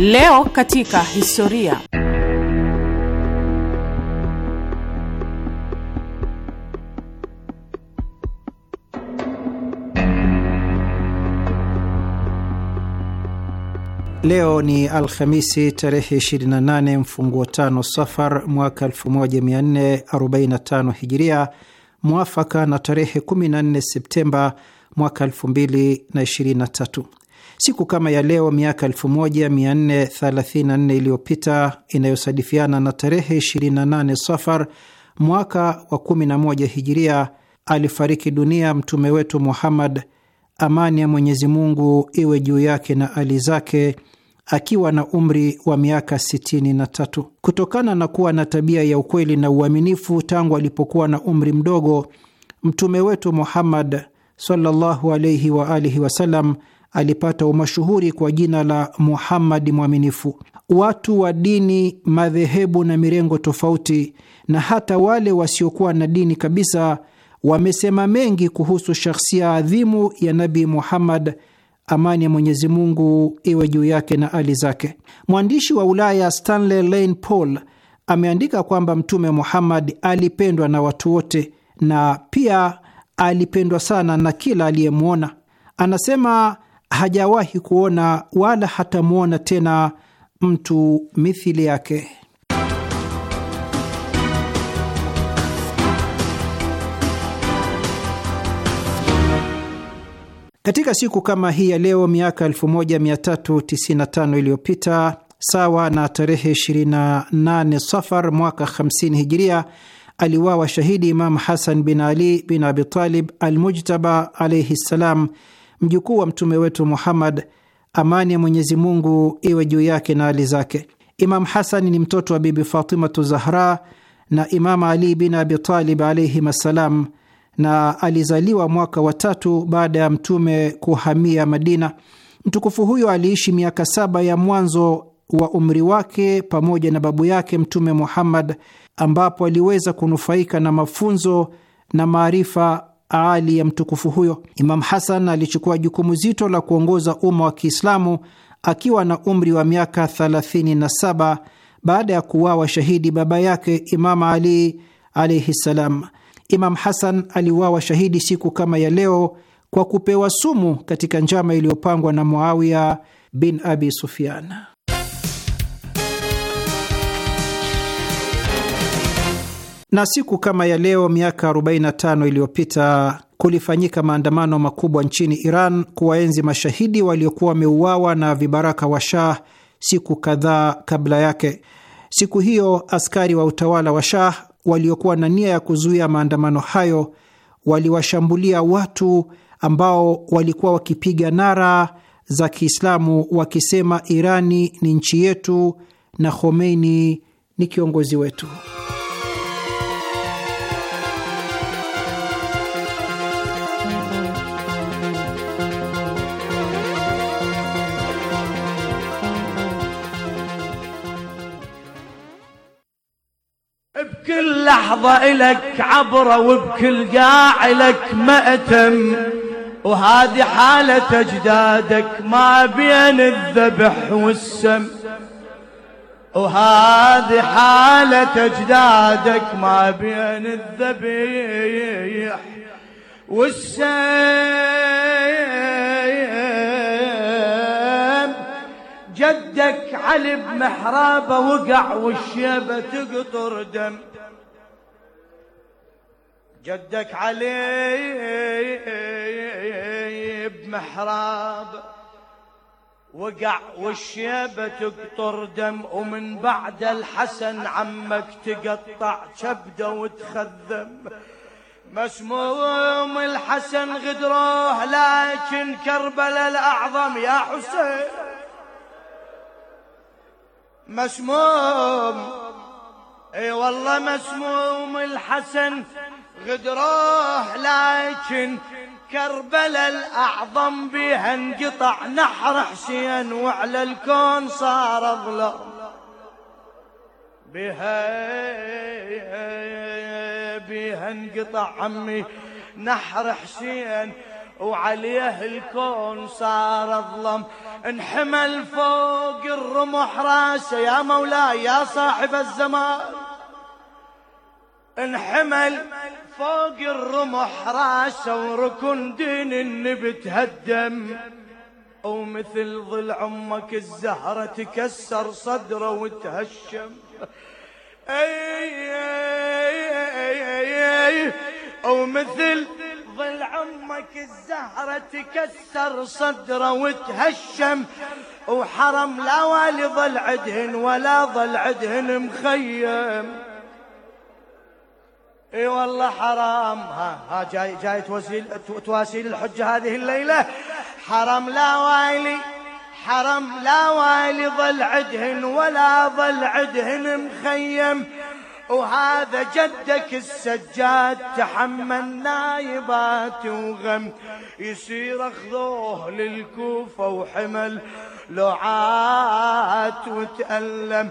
Leo katika historia. Leo ni Alhamisi tarehe 28 mfunguo tano Safar mwaka 1445 Hijiria, mwafaka na tarehe 14 Septemba mwaka 2023. Siku kama ya leo miaka 1434 iliyopita inayosadifiana na tarehe 28 Safar mwaka wa 11 Hijiria, alifariki dunia mtume wetu Muhammad, amani ya Mwenyezi Mungu iwe juu yake na ali zake, akiwa na umri wa miaka 63. Kutokana na kuwa na tabia ya ukweli na uaminifu tangu alipokuwa na umri mdogo, mtume wetu Muhammad sallallahu alaihi wa alihi wasallam alipata umashuhuri kwa jina la Muhammad Mwaminifu. Watu wa dini, madhehebu na mirengo tofauti, na hata wale wasiokuwa na dini kabisa, wamesema mengi kuhusu shakhsia adhimu ya Nabi Muhammad, amani ya Mwenyezi Mungu iwe juu yake na ali zake. Mwandishi wa Ulaya Stanley Lane Paul ameandika kwamba Mtume Muhammad alipendwa na watu wote na pia alipendwa sana na kila aliyemwona. Anasema hajawahi kuona wala hatamwona tena mtu mithili yake. Katika siku kama hii ya leo miaka 1395 iliyopita, sawa na tarehe 28 Safar mwaka 50 Hijiria, aliwawa shahidi Imam Hasan bin Ali bin Abitalib Almujtaba alaihi ssalam mjukuu wa mtume wetu Muhammad, amani ya Mwenyezi Mungu iwe juu yake na hali zake. Imam Hasani ni mtoto wa Bibi Fatimatu Zahra na Imam Ali bin Abitalib alaihim assalam, na alizaliwa mwaka wa tatu baada ya mtume kuhamia Madina. Mtukufu huyo aliishi miaka saba ya mwanzo wa umri wake pamoja na babu yake Mtume Muhammad, ambapo aliweza kunufaika na mafunzo na maarifa ali ya mtukufu huyo. Imam Hasan alichukua jukumu zito la kuongoza umma wa Kiislamu akiwa na umri wa miaka 37 baada ya kuwawa shahidi baba yake Imam Ali alaihi ssalam. Imam Hasan aliwawa shahidi siku kama ya leo kwa kupewa sumu katika njama iliyopangwa na Muawiya bin Abi Sufyan. Na siku kama ya leo miaka 45 iliyopita kulifanyika maandamano makubwa nchini Iran kuwaenzi mashahidi waliokuwa wameuawa na vibaraka wa Shah siku kadhaa kabla yake. Siku hiyo askari wa utawala wa Shah waliokuwa na nia ya kuzuia maandamano hayo waliwashambulia watu ambao walikuwa wakipiga nara za Kiislamu wakisema, Irani ni nchi yetu na Khomeini ni kiongozi wetu. لحظة إلك عبرة وبكل قاع لك مأتم وهذه حالة أجدادك ما بين الذبح والسم وهذه حالة أجدادك ما بين الذبيح والسم جدك علي بمحرابه وقع والشيبة تقطر دم جدك علي بمحراب وقع والشيبة تقطر دم ومن بعد الحسن عمك تقطع كبده وتخذم مسموم الحسن غدروه لكن كربلاء الأعظم يا حسين مسموم اي والله مسموم الحسن غدروه لكن كربلا الأعظم بها انقطع نحر حسين وعلى الكون صار ظلام بها بها انقطع عمي نحر حسين وعليه الكون صار ظلم انحمل فوق الرمح راسه يا مولاي يا صاحب الزمان انحمل فوق الرمح راسه وركن دين بتهدم تهدم ومثل ظل عمك الزهرة تكسر صدره وتهشم أي أي أي ومثل ظل عمك الزهرة تكسر صدره وتهشم وحرم لا والي ظل عدهن ولا ظل عدهن مخيم اي والله حرام ها ها جاي جاي توسيل تواسيل الحجه هذه الليله حرام لا وايلي حرام لا وايلي ظل عدهن ولا ظل عدهن مخيم وهذا جدك السجاد تحمل نايبات وغم يصير اخذوه للكوفة وحمل لعات وتألم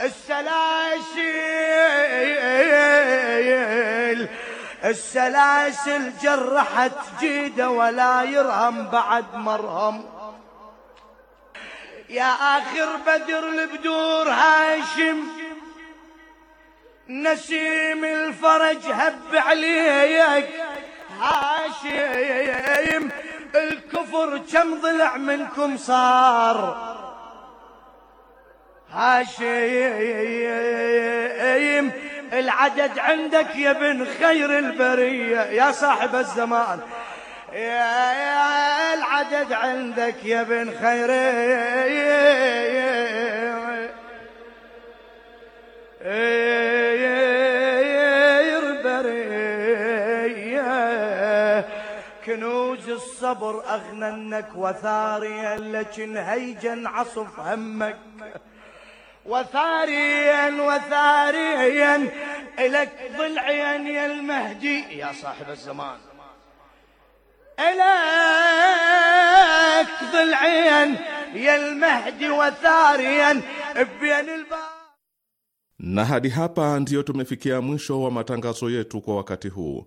السلاسل السلاسل جرحت جيده ولا يرهم بعد مرهم يا آخر بدر البدور هاشم نسيم الفرج هب عليك هاشيم الكفر كم ضلع منكم صار هاشيم العدد عندك يا ابن خير البرية يا صاحب الزمان يا العدد عندك يا ابن خير ايه الصبر أغننك وثاريا لكن هيجا عصف همك وثاريا وثاريا إلك ضلعيا يا المهدي يا صاحب الزمان إلك ضلعيا يا المهدي وثاريا بين الباب na hadi hapa ndiyo tumefikia mwisho wa matangazo yetu kwa wakati huu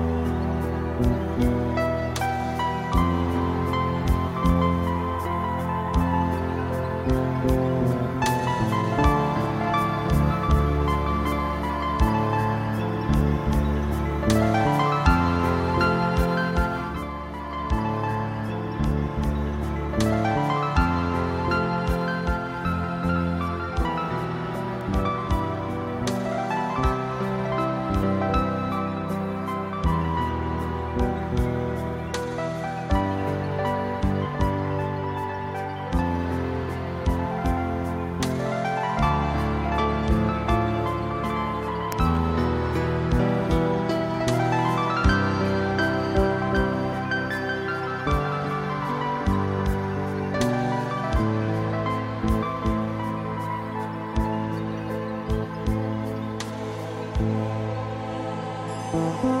Thank you. Thank you.